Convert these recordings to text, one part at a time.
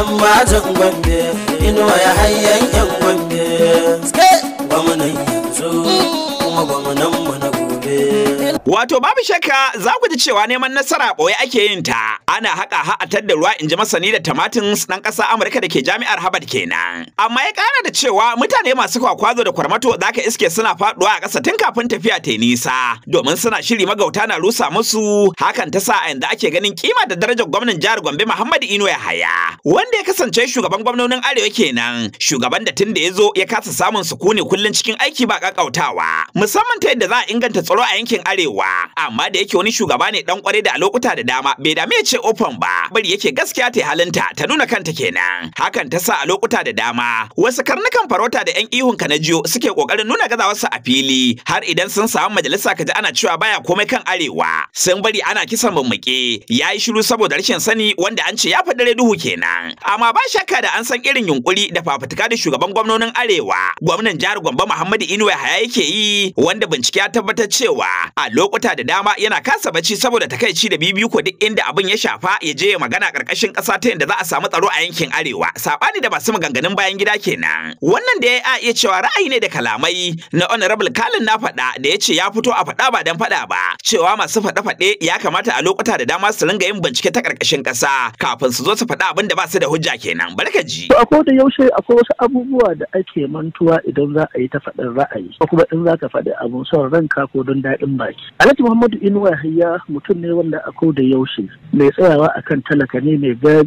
an gwambe gombe inuwa ya har yan gombe gwamnan yanzu kuma gwamnan Wato babu shakka za ku ji cewa neman nasara ɓoye ake yin ta. Ana haƙa ha'atar da ruwa in ji masani da Tamatins ɗan ƙasa Amurka da ke jami'ar Harvard kenan. Amma ya ƙara da cewa mutane masu kwakwazo da kwarmato za ka iske suna faɗuwa a ƙasa tun kafin tafiya ta nisa. Domin suna shiri magauta na rusa musu hakan ta sa a yanzu ake ganin kima da darajar gwamnan jihar Gombe Muhammadu Inu haya. Wanda ya kasance shugaban gwamnonin Arewa kenan. Shugaban da tun da ya zo ya kasa samun sukuni kullum cikin aiki ba ƙaƙautawa. Musamman ta yadda za a inganta tsaro a yankin Arewa cewa amma da yake wani shugaba ne dan kware da a lokuta da dama bai dame ya ce open ba bari yake gaskiya ta halinta ta nuna kanta kenan hakan ta sa a lokuta da dama wasu karnukan farauta da yan ihun ka na jiyo suke kokarin nuna gazawarsu a fili har idan sun samu majalisa kaji ana cewa baya komai kan arewa sun bari ana kisan mummuke ya yi shiru saboda rashin sani wanda an ce ya fada dare duhu kenan amma ba shakka da an san irin yunkuri da fafutuka da shugaban gwamnonin arewa gwamnan jihar Gombe Muhammadu Inuwa Haya yake yi wanda bincike ya tabbatar cewa a lokuta da dama yana kasa bacci saboda takaici da bibiyu ko duk inda abin ya shafa ya je ya magana karkashin ƙasa ta yadda za a samu tsaro a yankin arewa sabani da ba maganganun bayan gida kenan wannan da ya a iya cewa ra'ayi ne da kalamai na honorable kalin na faɗa da ya ce ya fito a faɗa ba dan faɗa ba cewa masu faɗe-faɗe ya kamata a lokuta da dama su ringa yin bincike ta karkashin ƙasa kafin su zo su faɗa abin da ba su da hujja kenan barka ji a da yaushe akwai wasu abubuwa da ake mantuwa idan za a yi ta faɗin ra'ayi ko kuma in za ka faɗi abun son ranka ko don daɗin baki Alhaji Muhammadu Inuwa Hayya mutum ne wanda a da yaushe mai tsayawa akan talaka ne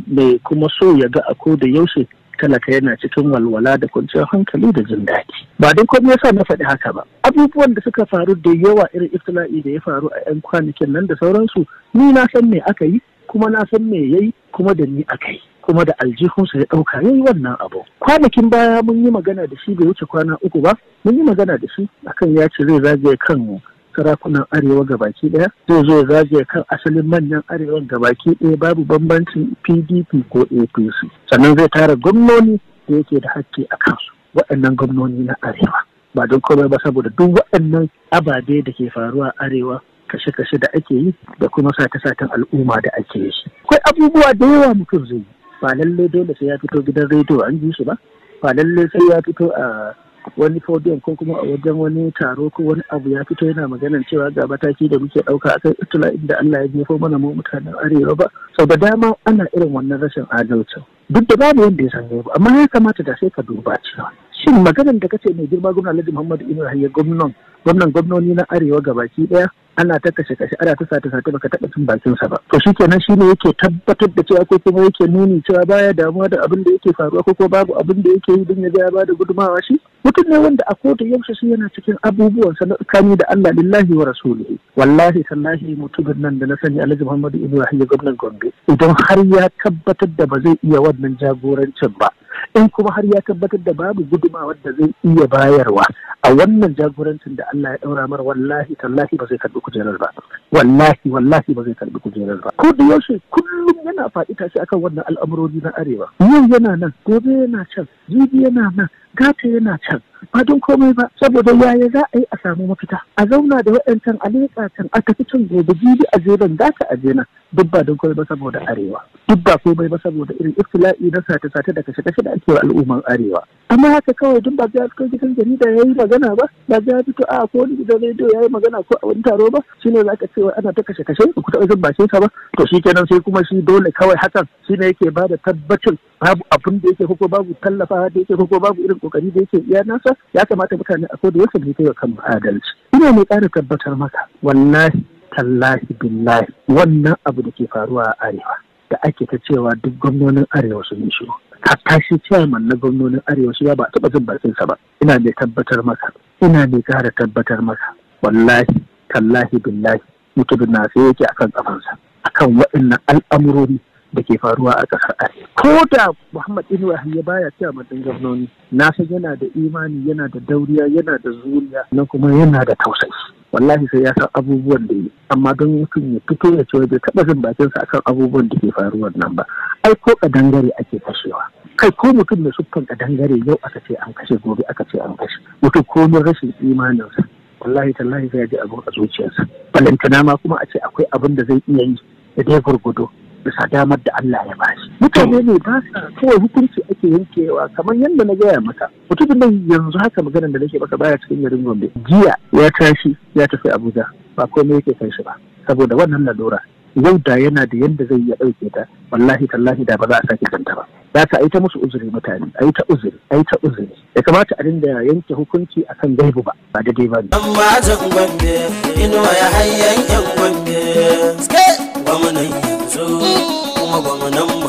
mai kuma so ya ga a da yaushe talaka yana cikin walwala da kwanciyar hankali da jin daɗi. Ba don komai yasa na faɗi haka ba. Abubuwan da suka faru da yawa irin iftila'i da ya faru a 'yan kwanakin nan da sauransu ni na san me aka yi kuma na san me yayi kuma da ni aka yi. kuma da aljihunsa ya ɗauka yayi wannan abu kwanakin baya mun yi magana da shi bai wuce kwana uku ba mun yi magana da shi akan ya ce zai zagaye kan sarakunan arewa gabaki daya zai zo ya kan asalin manyan arewa gabaki daya babu bambancin pdp ko apc sannan zai tara gwamnoni da yake da hakki a kansu waɗannan gwamnoni na arewa ba don komai ba saboda duk waɗannan ababe da ke faruwa arewa kashe-kashe da ake yi da kuma sata-satan al'umma da ake yi akwai abubuwa da yawa mutum zai yi ba lallai dole sai ya fito gidan rediyo an ji su ba ba lallai sai ya fito a wani podium ko kuma a wajen wani taro ko wani abu ya fito yana magana cewa ga mataki da muke ɗauka a kan itula inda Allah ya jefo mana mu mutanen arewa ba sau da dama ana irin wannan rashin adalci duk da babu wanda ya san ba amma ya kamata da sai ka duba cewa shin maganar da kace mai girma gwamnati Alhaji Muhammadu Ibrahim ya gwamnan gwamnan gwamnoni na arewa gabaki daya ana ta kashe kashe ana ta sata sata baka taba cin bakin sa ba to shikenan shine yake tabbatar da cewa ko kuma yake nuni cewa baya damuwa da abin da yake faruwa ko ko babu abin da yake yi don ya ga bada gudumawa shi mutum ne wanda a kotu yaushe shi yana cikin abubuwan sa na tsakani da Allah lillahi wa rasulihi wallahi sallahi mutumin nan da na sani Alhaji Muhammadu Ibrahim gwamnan Gombe idan har ya tabbatar da ba zai iya wannan jagorancin ba in kuma har ya tabbatar da babu gudumawar da zai iya bayarwa a wannan jagorancin da Allah ya daura mara wallahi tallahi ba zai karbi kujerar ba wallahi wallahi ba zai karbi kujerar ba ko da yaushe kullum yana faɗi tashi akan wannan al'amurori na arewa yau yana nan gobe yana can jibi yana nan gata yana can ba don komai ba saboda yaya za a yi a samu mafita a zauna da wa'yancan a can a tafi can gobe jibi a jeban gata a jena duk ba don komai ba saboda arewa duk ba komai ba saboda irin iftila'i na sace-sace da kashe-kashe da ake wa al'umman arewa amma haka kawai duk ba za ka gidan jarida ya yi magana ba ba ya fito a ko wani gidan rediyo ya yi magana ko a wani taro ba shi ne za ka ce ana ta kashe kashe ku taɓa jin bakin ba to shi kenan sai kuma shi dole kawai hakan shi ne yake ba da tabbacin babu abun da yake ko babu tallafa da yake ko babu irin kokari da yake iya nasa ya kamata mutane a koda yake da yake kan adalci ina mai ƙara tabbatar maka wallahi tallahi billahi wannan abu da ke faruwa a arewa da ake ta cewa duk gwamnonin arewa sun yi shiru A tashi chairman na gwamnonin arewa shi ba a taɓa jin bakinsa ba ina mai tabbatar maka ina mai kara tabbatar maka wallahi tallahi billahi mutumin na sai yake akan kafansa akan waɗannan al'amurori da ke faruwa a ƙasar arewa ko da muhammad inuwa ya baya cewa ɗin gwamnoni na san yana da imani yana da dauriya yana da zuriya na kuma yana da tausayi wallahi sai ya san abubuwan da yi amma don mutum ya fito ya ce wajen taɓa jin bakinsa akan abubuwan da ke faruwar nan ba ai ko kadangare ake kashewa kai ko mutum mai suffan ka dangare yau aka ce an kashe gobe aka ce an kashe mutum komin rashin imaninsa wallahi tallahi zai ji abu a zuciyarsa balantana ma kuma a ce akwai abin da zai iya yi da dai gurgudo bisa damar da Allah ya ba shi mutane ne ba sa kawai hukunci ake yankewa kamar yadda na gaya maka mutumin da yanzu haka maganar da nake maka baya cikin garin Gombe jiya ya tashi ya tafi Abuja ba komai yake kai shi ba saboda wannan lalura yau da yana da yadda zai iya ɗauke ta wallahi tallahi da ba za a sake kanta ba za ta aita musu uzuri mutane ta uzuri aita uzuri ya kamata a dinga yanke hukunci akan gaibu ba ba daidai ba ne.